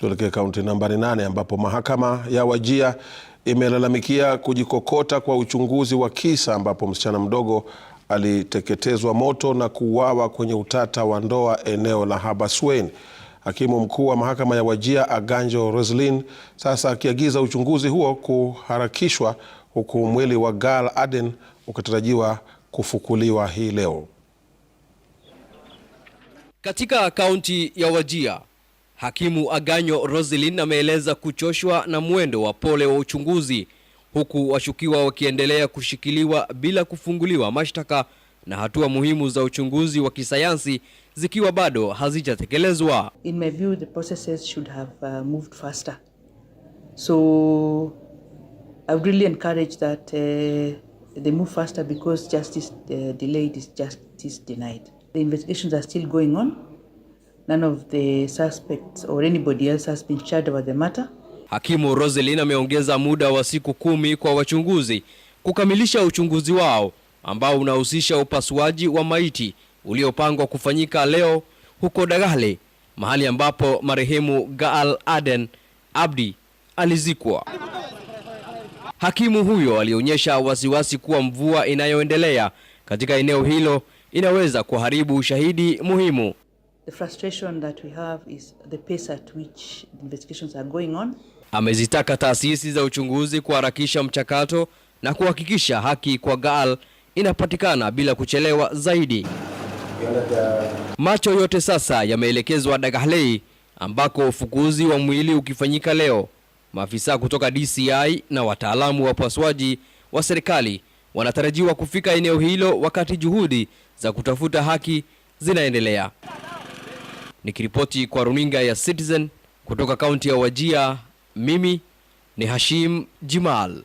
Tuelekee kaunti nambari nane ambapo mahakama ya Wajia imelalamikia kujikokota kwa uchunguzi wa kisa ambapo msichana mdogo aliteketezwa moto na kuuawa kwenye utata wa ndoa eneo la Habaswein. Hakimu mkuu wa mahakama ya Wajia Aganjo roslin sasa akiagiza uchunguzi huo kuharakishwa huku mwili wa Gal Aden ukitarajiwa kufukuliwa hii leo. Katika kaunti ya Wajia Hakimu Aganyo Roselyn ameeleza kuchoshwa na mwendo wa pole wa uchunguzi huku washukiwa wakiendelea kushikiliwa bila kufunguliwa mashtaka na hatua muhimu za uchunguzi wa kisayansi zikiwa bado hazijatekelezwa. In my view the processes should have uh, moved faster. So I would really encourage that uh, they move faster because justice uh, delayed is justice denied. The investigations are still going on none of the suspects or anybody else has been charged about the matter. Hakimu roselin ameongeza muda wa siku kumi kwa wachunguzi kukamilisha uchunguzi wao ambao unahusisha upasuaji wa maiti uliopangwa kufanyika leo huko Dagale, mahali ambapo marehemu Gaal Aden Abdi alizikwa. Hakimu huyo alionyesha wasiwasi kuwa mvua inayoendelea katika eneo hilo inaweza kuharibu ushahidi muhimu. Amezitaka taasisi za uchunguzi kuharakisha mchakato na kuhakikisha haki kwa Gaal inapatikana bila kuchelewa zaidi. Macho yote sasa yameelekezwa dagahlei ambako ufukuzi wa mwili ukifanyika leo. Maafisa kutoka DCI na wataalamu wa upasuaji wa serikali wanatarajiwa kufika eneo hilo wakati juhudi za kutafuta haki zinaendelea. Nikiripoti kwa runinga ya Citizen kutoka kaunti ya Wajia, mimi ni Hashim Jimal.